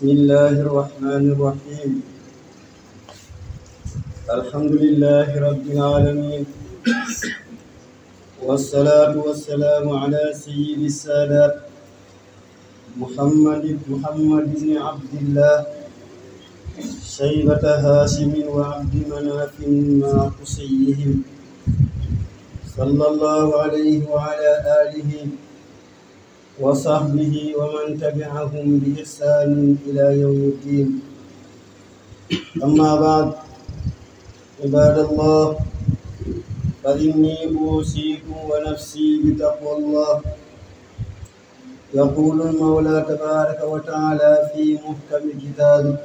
بسم الله الرحمن الرحيم الحمد لله رب العالمين والصلاة والسلام على سيد السادات محمد محمد بن عبد الله شيبة هاشم وعبد مناف مع قصيهم صلى الله عليه وعلى آله وصحبه ومن تبعهم بإحسان إلى يوم الدين أما بعد عباد الله فإني أوصيكم ونفسي بتقوى الله يقول المولى تبارك وتعالى في محكم كتابه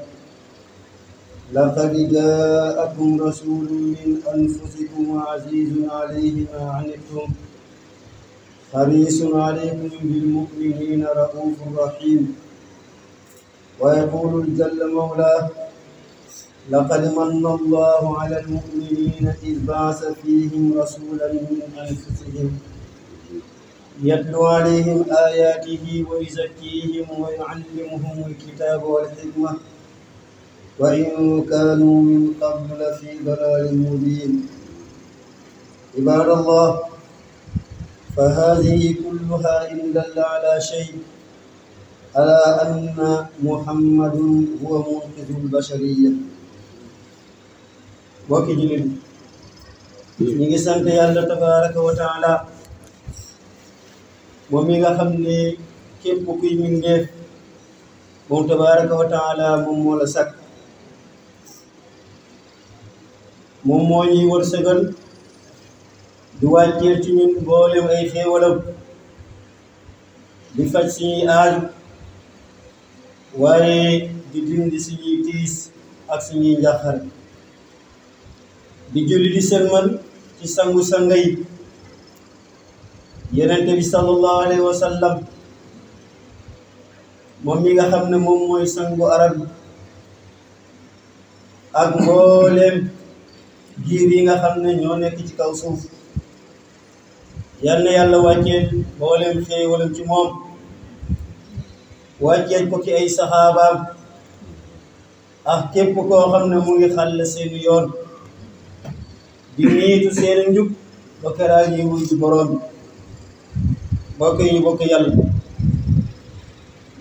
لقد جاءكم رسول من أنفسكم عزيز عليه ما عنتم حريص عليكم بالمؤمنين رؤوف رحيم ويقول جل مولاه لقد من الله على المؤمنين إذ بعث فيهم رسولا من أنفسهم يتلو عليهم آياته ويزكيهم ويعلمهم الكتاب والحكمة وإن كانوا من قبل في ضلال مبين عباد الله فهذه كلها إن دل على شيء ألا أن محمد هو منقذ البشرية mbokki jullit ñi ngi sant yàlla tabaraka wa taala moom mi nga xam ne képp kuy mbindeef moom tabaraka wa taala moom moo la moom moo ñuy di wàccee ci ñun mboolem ay xéewalam di faj suñuy aaju waaye di dindi suñuy tiis ak suñuy njàqare di julli di sëlmal ci sangu sanga yi yenente bi sallallahu alayhi wa moom mi nga xam ne moom mooy sangu arab ak mbooleem giir yi nga xam ne ñoo nekk ci kaw suuf yal na yàlla wàccee mboolem xéewalam ci moom wàccee ko ci ay saxaabaam ak képp koo xam ne mu ngi xàll seeni yoon di niitu seen njub ba keraa ñuy ci boroom bokk yi bokk yàlla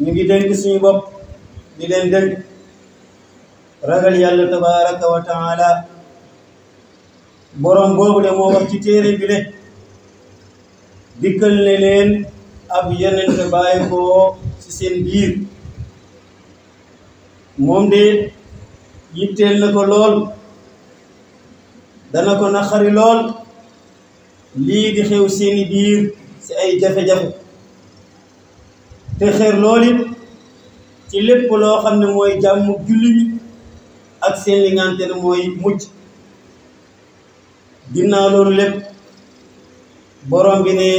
ñu ngi dénk suñu bopp di leen dénk ragal yàlla tabaraka wa taala boroom boobu de moo wax ci téere bi le dikkal ne leen ab yonent bàyyi ko ci seen biir moom de yitteel na ko lool dana ko naqari lool lii di xew seeni biir ci ay jafe-jafe te xeer lool it ci lépp loo xam ne mooy jàmm julli bi ak seeni li ngante ne mooy mucc ginnaaw loolu lépp borom bi ne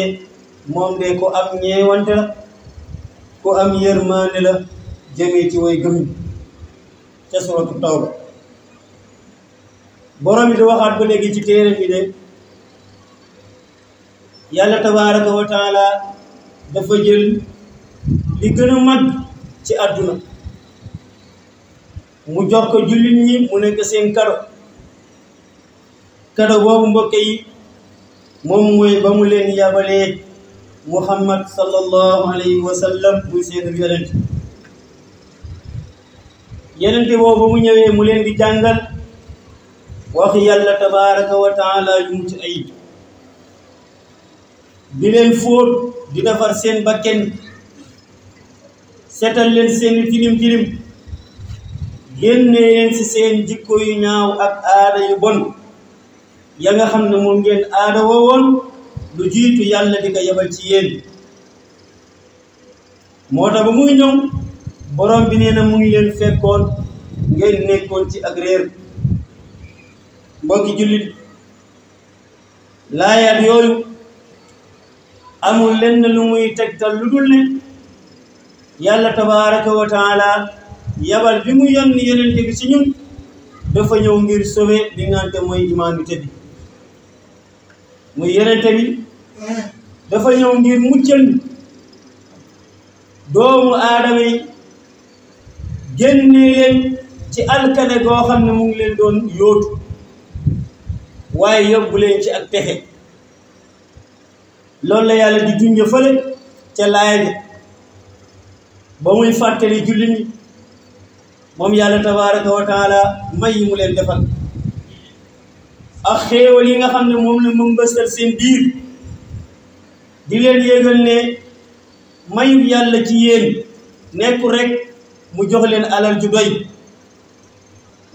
moom de ko am ñeewante la ku am yërmaande la jëmee ci way gëm ca suratu tawba borom bi di waxaat ba léegi ci téere bi de yàlla tabaaraka wa taala dafa jël li gën a mag ci àdduna mu jox ko jullit mu nekk seen kado kado boobu mbokk yi moom mooy ba mu leen yabalee muhammad sallallahu alayhi wa sallam muy seen yonent yonent boobu mu ñëwee mu leen di jàngal wax yàlla tabaraka wa taala yu mucc ayib di leen fóot di defar seen bakken seetal leen seen tilim tilim génne leen ci seen jikko yu ñaaw ak aada yu bon ya nga xam ne moom ngeen aada wowoon lu jiitu yàlla di ko yebal ci yéen moo tax ba muy ñëw borom bi nee na mu ngi leen fekkoon ngeen nekkoon ci ak réer mbokki jullit laayaat yooyu amul lenn lu muy tegtal lu dul ne yàlla tabaraka wa yabal bi mu yónni yonente bi ci ñun dafa ñëw ngir sauver li nga xam ne mooy humanité bi muy yenente bi dafa ñëw ngir muccal doomu aadama yi génne leen ci alkane goo xam ne mu ngi leen doon yóotu waaye yóbbu leen ci ak pexe loolu la yàlla di junj fële ca laaya bi ba muy fàttali julli ni moom yàlla tabaaraka wa taala may yi mu leen defal ak xéewal yi nga xam ne moom la mëmbësal seen biir di leen yéegal ne mayub yàlla ci yéen nekku rek mu jox leen alal ju doy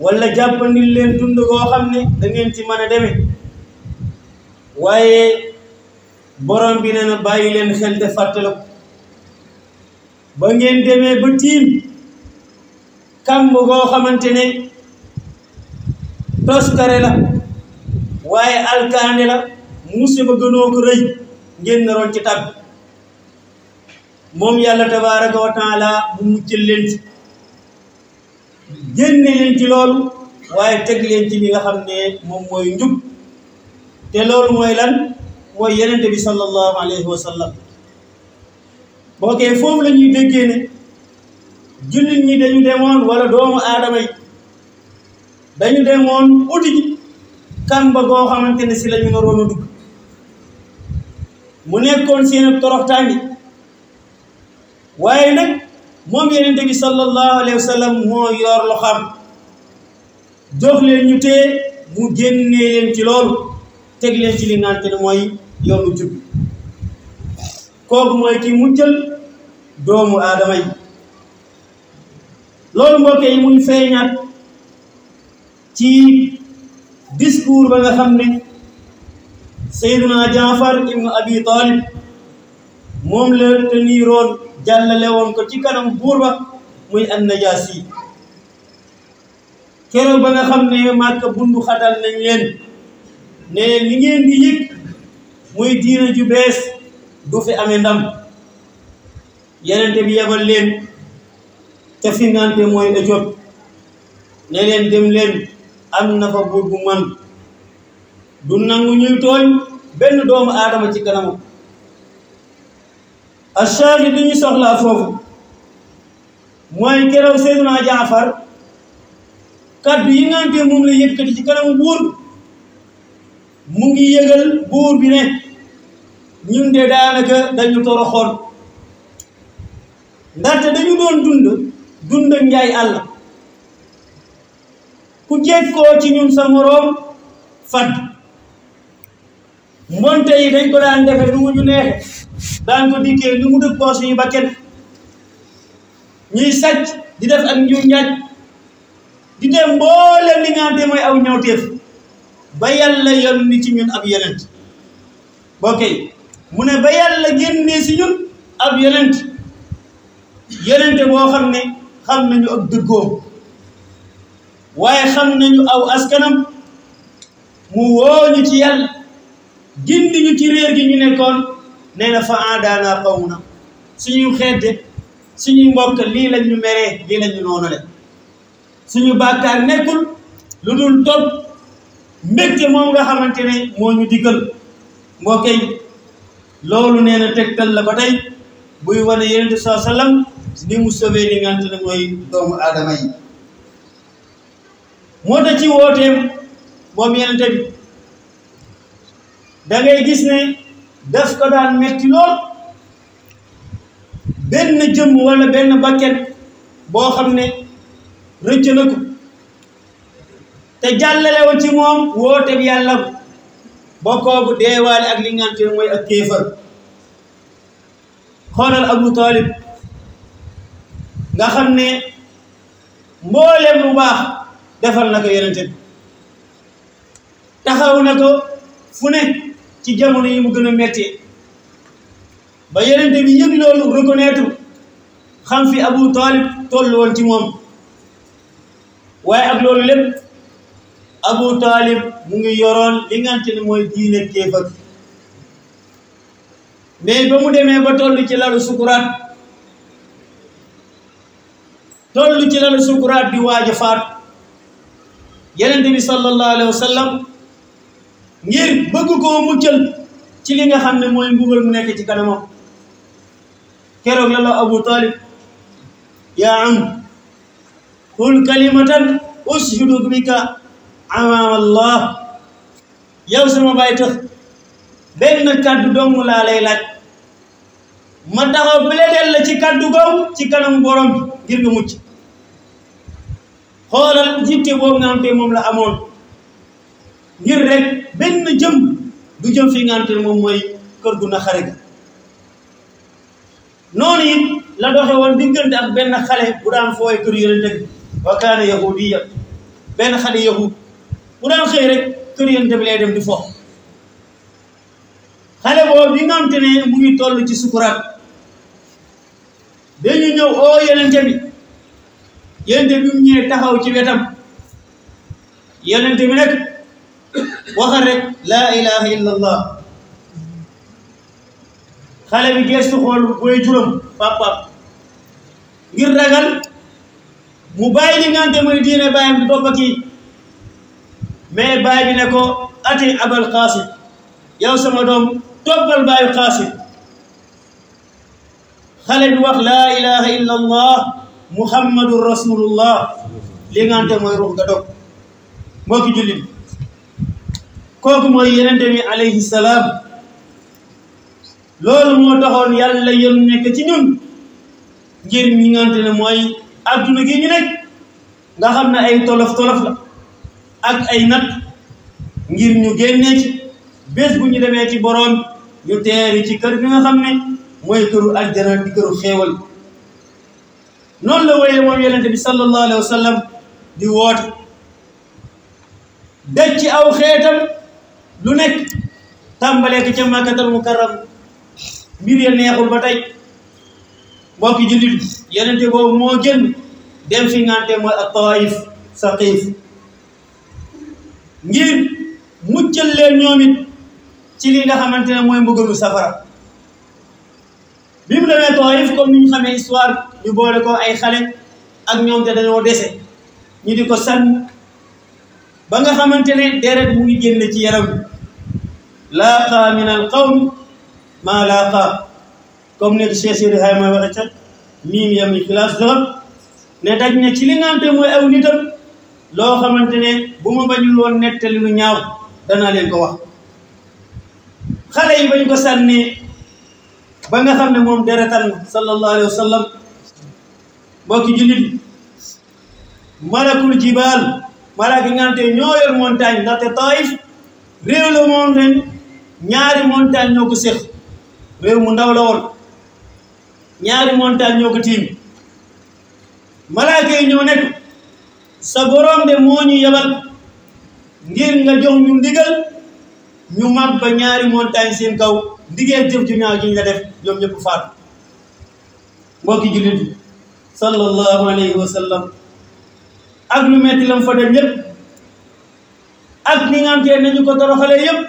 wala jàppandil leen dund koo xam ne dangeen ngeen ci mën a deme waaye borom bi ne na bàyyi leen xel te fàttaliku ba ngeen demee ba tiim kàmb goo xamante ne toskare la waaye alkaane la musiba gënoo rëy ngeen naroon ci tab moom yàlla tabaraka wa taala mu muccal leen ci génne leen ci loolu waaye teg leen ci nga xam ne moom mooy njub te loolu mooy lan mooy yenente bi sallallahu alayhi wa sallam bookee foofu lañuy ñuy déggee ne jullit ñi dañu demoon wala doomu aadama yi dañu demoon uti kan ba goo xamante ne si la ñu naroon a dugg mu nekkoon seen toroxtaangi waaye nag moom yenente bi sallallahu alayhi wa sallam moo yor lu xam jox leen ñu tee mu génnee ci loolu teg leen ci li nante ne mooy yoonu jub kooku mooy kii muccal doomu aadama yi loolu mbokk yi muy feeñaat ci discours ba nga xam ne Seydina Jaafar ibnu Abi Talib moom la teniiroon jàllale woon ko ci kanam buur ba muy Annajaasi keroog ba nga xam ne Màkka bundu xatal nañ leen ne li ngeen di muy diina ju du fi amee ndam yenente bi yebal leen ca fi ngante mooy Éthiopie ne leen dem leen am na fa buur bu mën du nangu ñuy tooñ benn doomu aadama ci kanamu ashaahid li ñu soxlaa foofu mooy keroog Seydina Jaafar kaddu yi nga xam moom la yëkkati ci kanamu buur mu ngi yëgal buur bi ne ñun de daanaka dañu toroxoon ndaxte dañu doon dund dund njaay àll ku jekkoo ci ñun sa moroom fadd mbonte yi dañ ko daan defe lu mu ñu neexe daan ko dikkee lu mu dëppoo suñu bakket ñuy sàcc di def ak ñu di dem mboolem li ngaante mooy aw ñawteef ba yàlla yónni ci ñun ab yonent bokk mu ne ba yàlla génnee si ñun ab yonent yonente boo xam ne xam nañu ak dëggoom waaye xam nañu aw askanam mu wóoñu ci yàlla gindi ñu ci réer gi ñu nekkoon nee na fa aadaana xaw na suñu xeete suñu mbokk lii lañ ñu meree lii lañ ñu noonale suñu bàkkaar nekkul lu dul topp mbégte moom nga xamante ne moo ñu digal mbokk loolu nee na tegtal la ba tey buy wane yeneen di saa sallam ni mu sauvé ni ngante ne mooy doomu aadama yi moo tax ci wooteem moom yenente bi da gis ne daf ko daan metti lool benn jëmm wala benn bakket boo xam ne rëcc te jàllale ci moom woote bi yàlla bokkoobu deewaale ak li ngante mooy ak kéefar xoolal Abu Talib nga xam ne mboolem bu baax defar na ko yonente bi taxaw na fu ne ci jamono yi mu gën a méttee ba yonente bi yëg loolu reconnaître xan fi Abu Talib toll woon ci moom waaye ak loolu lépp Abu Talib mu ngi yoroon li nga xamante ne mooy diine kéefar mais ba mu demee ba toll ci lalu sukuraat toll ci lalu sukuraat di waaj a faatu yonent bi sallallahu alayhi wa sallam ngir bëgg koo muccal ci li nga xam ne mooy mbugal mu nekk ci kanamam keroog la la Abu Talib yaa am qul kalimatan ushidu bika amaam Allah yow sama bàyyi benn kàddu dong laa lay laaj ma taxaw plaidel la ci kàddu googu ci kanam borom ngir nga mucc xoolal jiite boobu nga xamante moom la amoon ngir rek benn jëm du jëm fi nga moom mooy kër gu naxare ga noonu it la doxe woon diggante ak benn xale bu daan fooy kër yonente bi wa kaana yahudiya benn xale yahud bu daan xëy rek kër yonente bi dem di foofu xale boobu bi nga xamante ne mu ngi toll ci sukuraat ñu ñëw oo yonente bi yen bi mu ñëwee taxaw ci wetam yonente bi nag waxal rek laa ilaha illa allah xale bi gestu xool ngir ragal mu bàyyi li ngante mooy diine bàyyam di topp kii mais bàyyi bi ne ko ati abal xaasim yow sama doom toppal bàyyi xaasim xale bi wax laa ilaha illa muhammadu rasulullah li nga xamante mooy ruux ga dog moo ki jullit kooku mooy yenente mi alayhi salaam loolu moo taxoon yàlla yoon nekk ci ñun ngir mi nga ne mooy adduna gi ñu nekk nga xam ne ay tolof-tolof la ak ay nat ngir ñu génnee bés bu ñu demee ci boroom ñu teeri ci kër bi nga xam ne mooy këru aljana di këru xéewal noonu la wéyee moom yonente bi sallallahu alayhi wa sallam di woote daj ci aw xeetam lu nekk tàmbalee ko ca màkkatal mukarram mbir ya neexul ba tey mbokki jullit yonente boobu moo gën dem fi ngante mooy ak tawaif saqif ngir muccal leen ñoom ci li nga xamante ne mooy mbugalu safara bi mu demee Taif comme ni ñu xamee histoire ñu boole ko ay xale ak ñoom te dañoo dese ñu di ko sànn ba nga xamante ne deret mu ngi génn ci yaram bi laaqa min al qawm maa laaqa comme ne Cheikh Sidi Hayma waxe ca miim yam ni xilaas doon ne daj na ci li nga xamante mooy aw nitam loo xamante ne bu ma bañul woon nettali lu ñaaw danaa leen ko wax xale yi bañ ko sànnee ba nga xam ne moom deretal na sallallahu alayhi wa sallam mbokki jullit malakul jibaal malaaka yi nga te ñoo yor montagne ndaxte taif réew la moom ren ñaari montagne ñoo ko séq réew mu ndaw la ñaari montagne ñoo ko tiim malaaka ñoo nekk sa borom de moo ñu yebal ngir nga jox ñu ndigal ñu mag ba ñaari montagne seen kaw ndiggee jëf ju ñaaw ji ñu la def ñoom ñëpp faatu mbokki jullit bi sallallahu alayhi wa ak lu metti lam fa def yëpp ak ni nga nañu ko toroxalee yëpp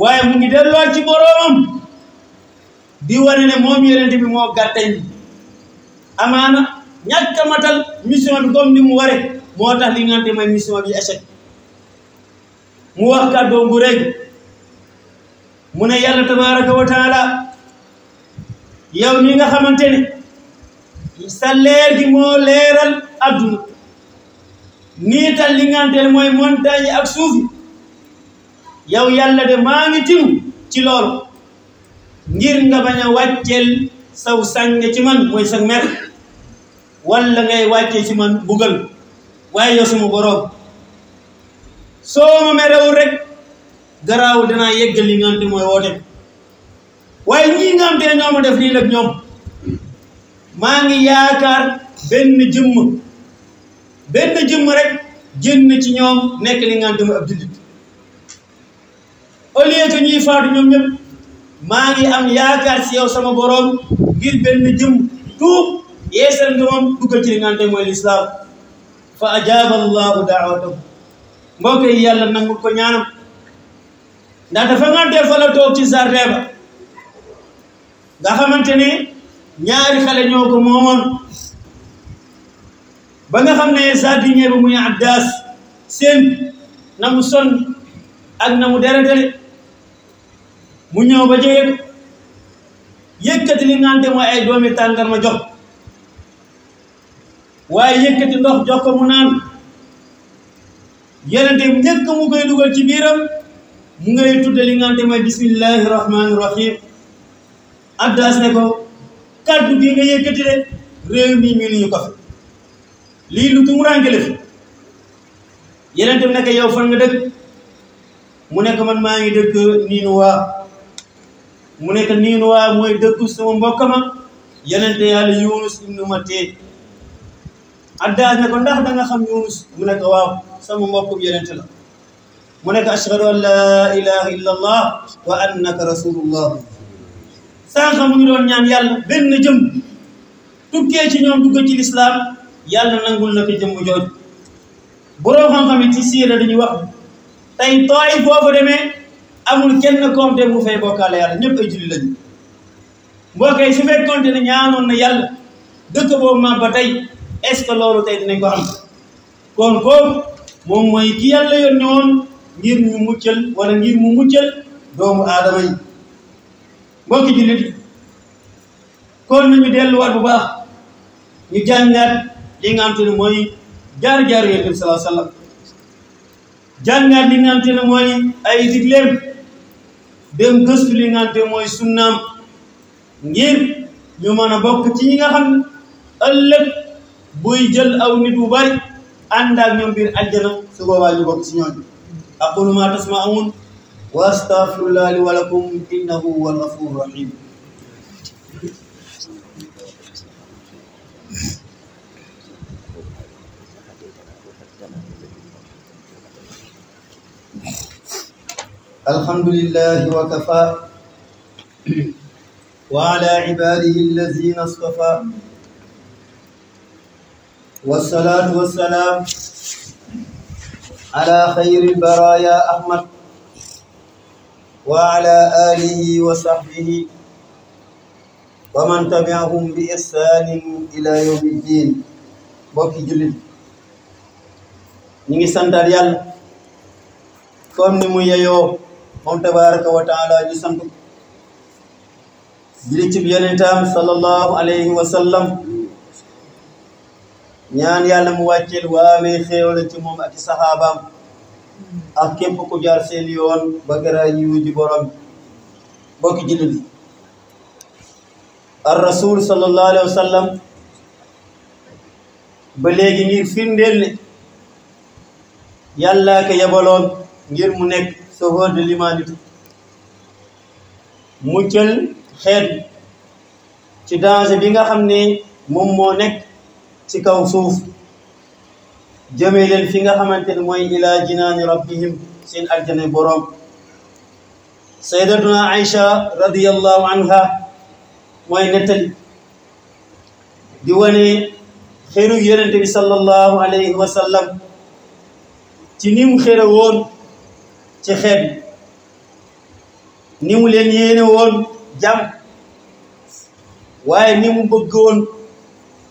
waaye mu ngi delluwaat ci boroomam di wane ne moom yonent bi moo gàttañ amaana ñàkk a matal mission bi comme ni mu ware moo tax li nga xam mission bi échec mu wax kàddoom gu rëy mu ne yàlla tabaraka wa taala yow mi nga xamante ne sa leer moo leeral adduna niital li nganteel mooy montagne ak suuf yow yàlla de maa ngi tim ci loolu ngir nga bañ a saw sànge ci man mooy sa mer walla ngay wàccee ci man bugal waaye yow suma boroom soo ma merewul rek garaawul danaa yeggal li nga xam te mooy woote waaye ñii nga xam ñoo def lii nag ñoom maa ngi yaakaar benn jëmm benn jëmm rek génn ci ñoom nekk li nga xam te mooy ab jullit faatu ñoom ñëpp maa ngi am yaakaar si yow sama boroom ngir benn jëmm tuub yeesal nga moom duggal ci li nga lislaam fa ajaaba allahu mbokk yi yàlla nangul ko ñaanam ndax dafa nga def toog ci jardin nga xamante ne ñaari xale ñoo ko ba nga xam ne jardinier bi muy Abdaas seen na mu sonn ak na mu deretale mu ñëw ba jege ko ni li nga xamante mooy ay ma jox waaye yëkkati ndox jox ko mu naan yenente njëkk mu koy dugal ci biiram mu ngay tudde li ngante mooy bismillahi rahmaani rahim addas ne ko kàddu gi nga yëkkati de réew mi mënuñu ko fi lii lu tumuraanke la fi yenente bi nekk yow fan nga dëkk mu nekk man maa ngi dëkk niinuwaa mu nekk niinuwaa mooy dëkk suma mbokk ma yenente yàlla yunus ibnu mattee addaas ko ndax da xam yunus mu ne ko waaw sama mbokkum yonente la mu ne ko ashhadu an laa ilaha illa allah wa annaka rasulullah sànq mu ngi doon yàlla benn jëm tukkee ci ñoom dugg ci lislaam yàlla nangul na ko jëmm jooju boroom xam-xam yi ci siira dañuy wax tey tooy foofu demee amul kenn compte bu fay bokkaale yàlla ñëpp ay julli lañu mbokk yi su fekkoonte ne na yàlla dëkk boobu maam ba tey est-ce que loolu tey dinañ ko am kon kooku moom mooy ki yàlla yoon ñëwoon ngir ñu muccal wala ngir mu muccal doomu aadama mbokki jullit kon nañu delluwaat bu baax ñu jàngaat li nga xamante ne mooy jaar-jaar yonent bi sallallahu alayhi wasallam jàngaat li nga xamante ay digleem dem gëstu li nga xamante ngir ñu mën a bokk ci nga xam ëllëg buy jël aw nit bu bari ànd ak ñoom biir aljana su boobaa ñu bokk si ñooñu aqulu ma tasma'un wa astaghfirullah li wa lakum innahu huwa al-ghafur rahim alhamdulillahi wa kafa wa ala ibadihi allazina istafa والصلاة والسلام على خير البرايا أحمد وعلى آله وصحبه ومن تبعهم بإحسان إلى يوم الدين mbokki jullit ñu ngi santal yàlla comme ni mu yeyoo moom tabaraka wa taala ñu sant jullit ci yonentaam sallallahu alayhi wa sallam ñaan yàlla mu wàcceel waamee xéewal ci moom ak i saxaabaam ak képp ku jaar seen yoon ba gara ñi wuji borom bokki jullit yi ar rasul sallallahu alayhi wa sallam ba léegi ngir firndeel ne yebaloon ngir mu nekk sauveur de l'humanité mu jël xeet ci danger bi nga xam ne moom moo nekk ci kaw suuf jëmee fi nga xamante ne mooy ilaa jinaani rabbihim seen aljana boroom sayyidatuna Aïcha radiyallahu anha mooy nettali di wane xëru yonent bi sallallahu alayhi wa sallam ci ni mu woon ci xeet ni mu leen yéene woon jàmm waaye ni mu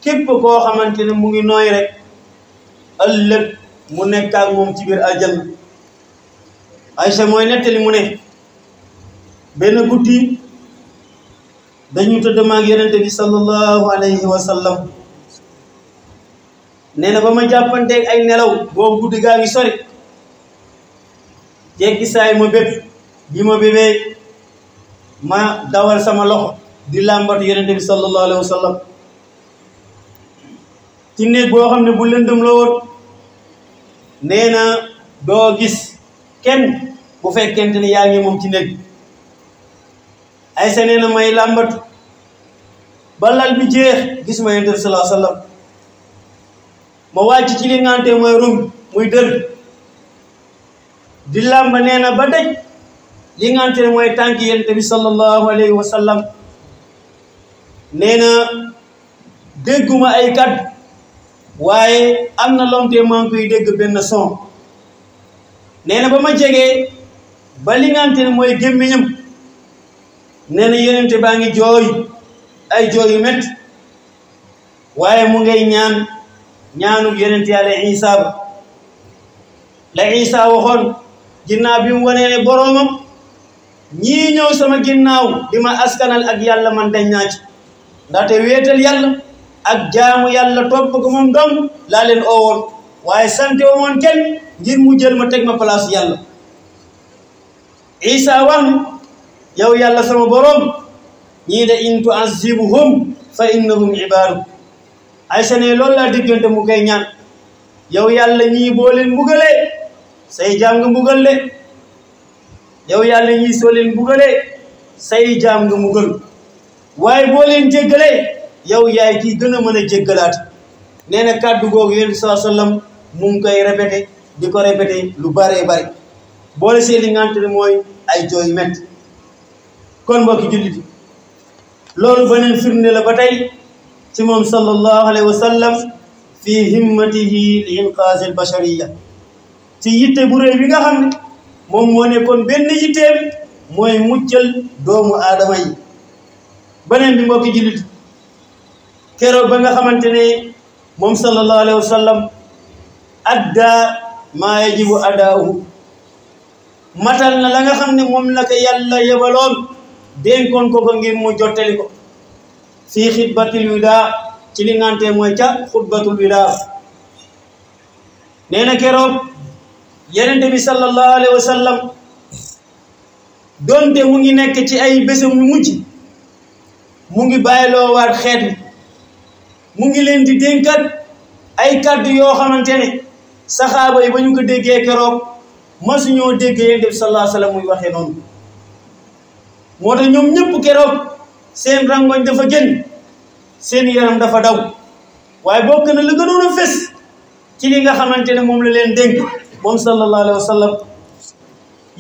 képp koo xamante ne mu ngi nooy rek ëllëg mu nekk ak moom ci biir aljanna Aysa mooy nettali mu ne benn guddi dañu tëdd maag yonente bi sallallahu alayhi wa sallam nee na ba ma jàppanteeg ay nelaw boo guddi gaa ngi sori jekki saay ma bépp bi ma bébee ma dawal sama loxo di làmbatu yonente bi sallallahu alayhi wa ci néeg boo xam ne bu lëndëm la woon nee na doo gis kenn bu fekkent ni yaa ngi moom ci néeg ay sa nee na may làmbatu ba lal bi jeex gis ma yonent bi salaa sallam ma wàcc ci li ngante mooy rum muy dër di làmb nee na ba daj li ngante ne mooy tànk yonent bi sallallahu alayhi wa sallam nee na dégguma ay kaddu waaye am na lomte maa ngi dégg benn son nee na ba ma jegee ba li nga xamante ne mooy gémmiñam nee na yonente baa ngi jooy ay jooy yu métti waaye mu ngay ñaan ñaanu yonente yàlla Isa ba la Isa waxoon ginnaaw bi mu wanee ne boroomam ñii ñëw sama ginnaaw di ma askanal ak yàlla man dañ naa ci ndaxte ak jaamu yàlla topp ko moom dong laa leen oowoon waaye sante woon kenn ngir mu jël ma teg ma place yàlla isa wax ne yow yàlla sama boroom ñii de in tu'azzibuhum fa innahum ibaadu ay sene loolu laa diggante mu koy ñaan yow yàlla ñii boo leen say jaam nga mbugal de yow yàlla ñii soo leen mbugalee say jaam nga mbugal waaye boo leen yow yaay kii gën a mën a jéggalaat nee na kàddu googu yonent bi sallallahu alayhi wa sallam mu ngi koy di ko répété lu bëree bëri boole see li mooy ay jooy métti kon mbokki jullit yi loolu beneen firnde la ba tey ci moom sallallahu alayhi wa sallam fi himmatihi li inqaaz al bashariya yitte bu réy bi nga xam ne moom moo nekkoon benn yitteem mooy muccal doomu aadama yi beneen bi mbokki jullit keroog ba nga xamante ne moom sallallahu alayhi wa sallam adda maa yajibu adaahu matal na la nga xam ne moom la ko yàlla yebaloon dénkoon ko ko ngir mu jottali ko fii xutbatul widaa ci li ngante mooy ca xutbatul widaa nee na keroog yenente bi sallallahu alayhi wa sallam doonte mu ngi nekk ci ay bésam mu mujj mu ngi bàyyiloowaat xeet mu ngi leen di dénkat ay kaddu yoo xamante ne saxaaba yi ba ñu ko déggee keroog masuñoo dégg yéen def sallallahu alayhi wa sallam muy waxee noonu moo tax ñoom ñëpp keroog seen rangoñ dafa génn seen yaram dafa daw waaye bokk na la gënoon a fes ci li nga xamante ne moom la leen dénk moom sallallahu alayhi wa sallam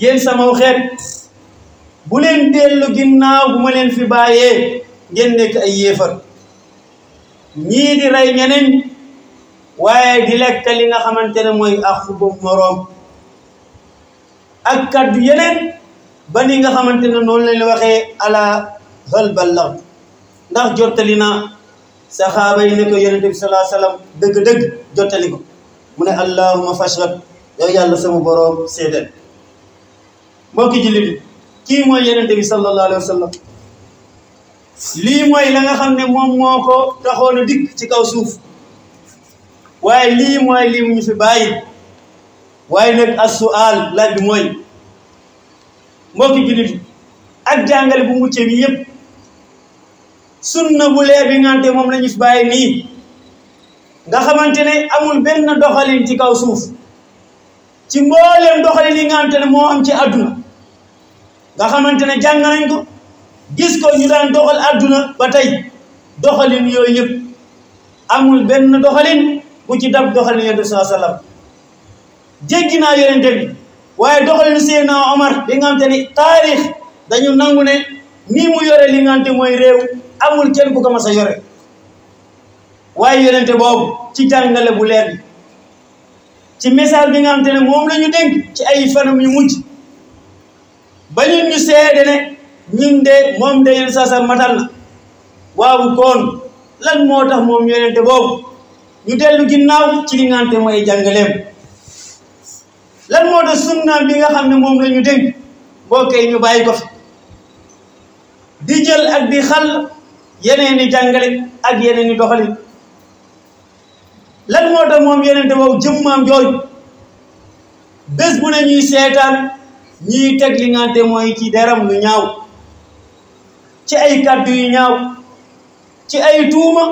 yéen sama xeet bu leen dellu ginnaaw bu ma leen fi bàyyee ngeen nekk ay yéefar ñii di rey ñeneen waaye di lekk li nga xamante ne mooy axu ba moroom ak yeneen ba ni nga xamante ne noonu lañ waxee ala hal ballag ndax jottali na saxaaba yi ne ko yonent bi sallallahu alayhi wasallam dëgg-dëgg jottali ko mu ne allahuma fashhad yow yàlla sama boroom seedeel mbokki jullit kii mooy yonent bi sallallahu alayhi wasallam lii mooy la nga xam ne moom moo ko taxoon a ci kaw suuf waaye lii mooy lii mu ñu fi bàyyi waaye nag as-su'aal laaj bi mooy mbokki jullit ak jàngale bu mucce bi yëpp sunna bu leer bi ngante moom la ñu fi bàyyi nii nga xamante ne amul benn doxalin ci kaw suuf ci mbooleem doxalin yi ngante ne moo am ci àdduna nga xamante ne jàng nañ gis ko ñu daan doxal àdduna ba tey doxalin yooyu yëpp amul benn doxalin bu ci dab doxalin yonent bi saa sallam naa yonente waaye doxalin Seydina Omar li nga xamante ni taarix dañu nangu ne nii mu yore li nga xamante mooy réew amul kenn ku ko mas yore waaye yonente boobu ci jàngale bu leer bi ci message bi nga ne moom la ñu ci ay fanam yu mujj ba seede ne ñun de moom de yeneen saa matal na waaw koon lan moo tax moom yonente boobu ñu dellu ginnaaw ci li ngante mooy jàngaleem lan moo tax bi nga xam ne moom la ñu ñu bàyyi ko fi di jël ak di xal yeneen i jàngale ak yeneen i doxalin lan moo tax moom yonente boobu jëmmaam jooju bés bu ne ñuy seetaan ñuy teg li ngante mooy ci deram lu ñaaw ci ay kàddu yu ñaaw ci ay tuuma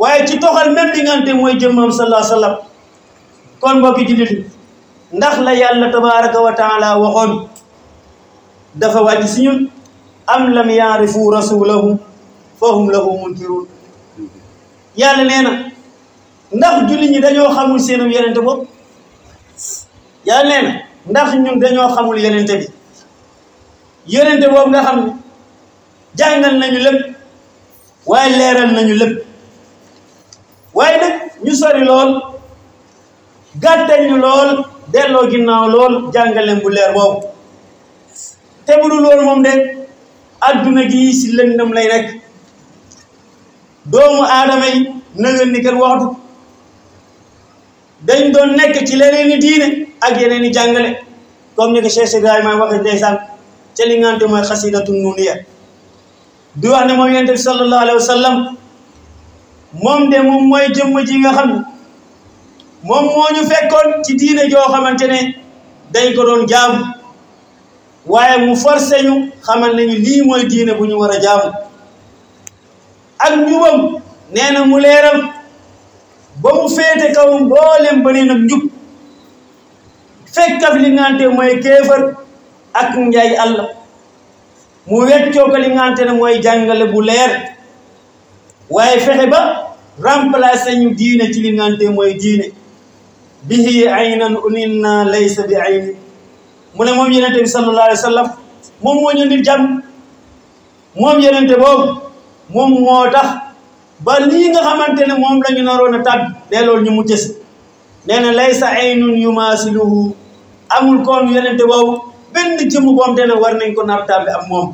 waaye ci toxal même diggante mooy jëmmam sallallahu alayhi wa sallam kon mbokki jullit yi ndax la yàlla tabaraka wa taala waxoon dafa wàcc si ñun am lam yaarifu rasulahu fa hum lahu munkiruun yàlla nee na ndax jullit ñi dañoo xamul seenum yenente bopp yàlla nee na ndax ñun dañoo xamul yenente bi yenente boobu nga xam jàngal nañu lépp waaye leeral nañu lépp waaye nag ñu sori lool gàttal ñu lool delloo ginnaaw lool jàngaleen bu leer boobu te bu dul loolu moom de adduna gi si lëndëm lay rek doomu aadama yi nëgal ni kat waxtu dañ doon nekk ci leneen i diine ak yeneen i jàngale comme ni ko Cheikh Ibrahima waxee ndeysaan ca li ngante mooy xasidatu nuuniya di wax ne moom yonent bi sallallahu alayhi wa moom de moom mooy jëmm ji nga xam ne moom moo ñu fekkoon ci diine joo xamante ne dañ ko doon jaamu waaye mu forcé ñu xamal nañu lii mooy diine bu ñu war a jaamu ak njubam nee na mu leeral ba mu féete kaw mboolem ba neen ak fekk af li ngante mooy kéefar ak njaay Allah mu weccoo ko li nga xamante ne mooy jàngale bu leer waaye fexe ba remplacer ñu diine ci li nga xamante ne mooy diine bihi aynan uninna laysa bi ayni mu ne moom yenente bi sallallahu alayhi wa sallam ñu di jàmm moom yenente boobu moom moo tax nga xamante ne moom la ñu naroon a tàgg delloo ñu mucc si nee na laysa aynun yumaasiluhu amul koon yenente boobu benn jëmm boom dana war nañ ko naabtaable ak moom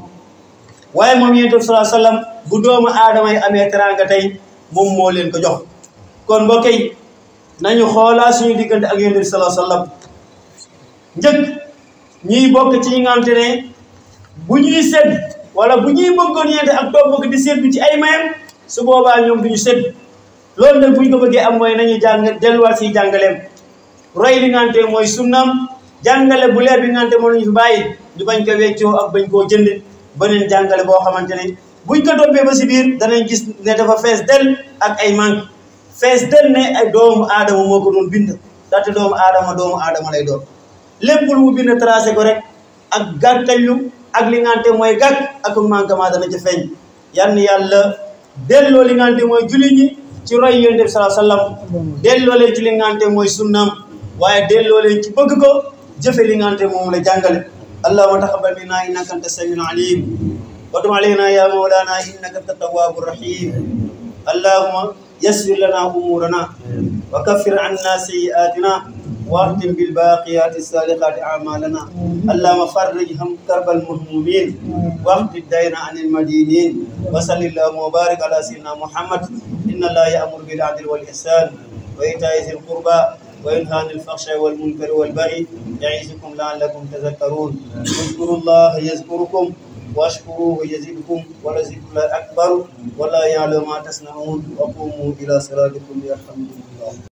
waaye moom yonent bi bu doomu aadama yi amee tey moom moo leen ko kon mbokk yi nañu xoolaa suñu diggante ak yonent bi sallallahu alayhi wasallam bokk ci ñi nga xamante bu ñuy sedd wala bu ñuy bëggoon yénte ak toog bëgg di seddu ci ay mayam su boobaa ñoom du ñu sedd loolu nag bu ñu ko bëggee am mooy nañu jàng delluwaat si jàngaleem roy li nga mooy sunnaam jàngale bu leer bi nga xamante moom ñu fi bàyyi ñu bañ boo xamante ne buñ ko toppee ba si biir danañ gis ne dafa fees del ak ay manque fees del ne doomu aadama moo ko doon bind ndaxte doomu aadama doomu aadama lay doon lépp lu mu bind tracé ko rek ak gàttañlu ak li nga xamante mooy gàkk ak manquement dana ci feeñ yann yàlla delloo li nga xamante mooy jullit ñi ci roy yonent bi sallallahu alayhi li nga mooy sunnaam waaye delloo bëgg ko jëfe li nga xamante moom la jàngale allahuma taqabbal minna innaka anta samiul alim wa tub alayna ya mawlana innaka anta tawwabu rahim allahuma yassir lana umurana wa kaffir anna sayyi'atina wa ahtim bil baqiyati salihati a'malana allahuma farrij ham karbal mahmumin wa ahdid dayna anil madinin wa salli allahuma wa barik ala sayyidina muhammad inna allaha ya'muru bil adli wal ihsan wa ita'i zil qurba وينهى عن الفحشاء والمنكر والبغي يعظكم لعلكم تذكرون اذكروا الله يذكركم واشكروه يزدكم ولذكر الله أكبر ولا يعلم ما تصنعون وقوموا إلى صلاتكم يرحمكم الله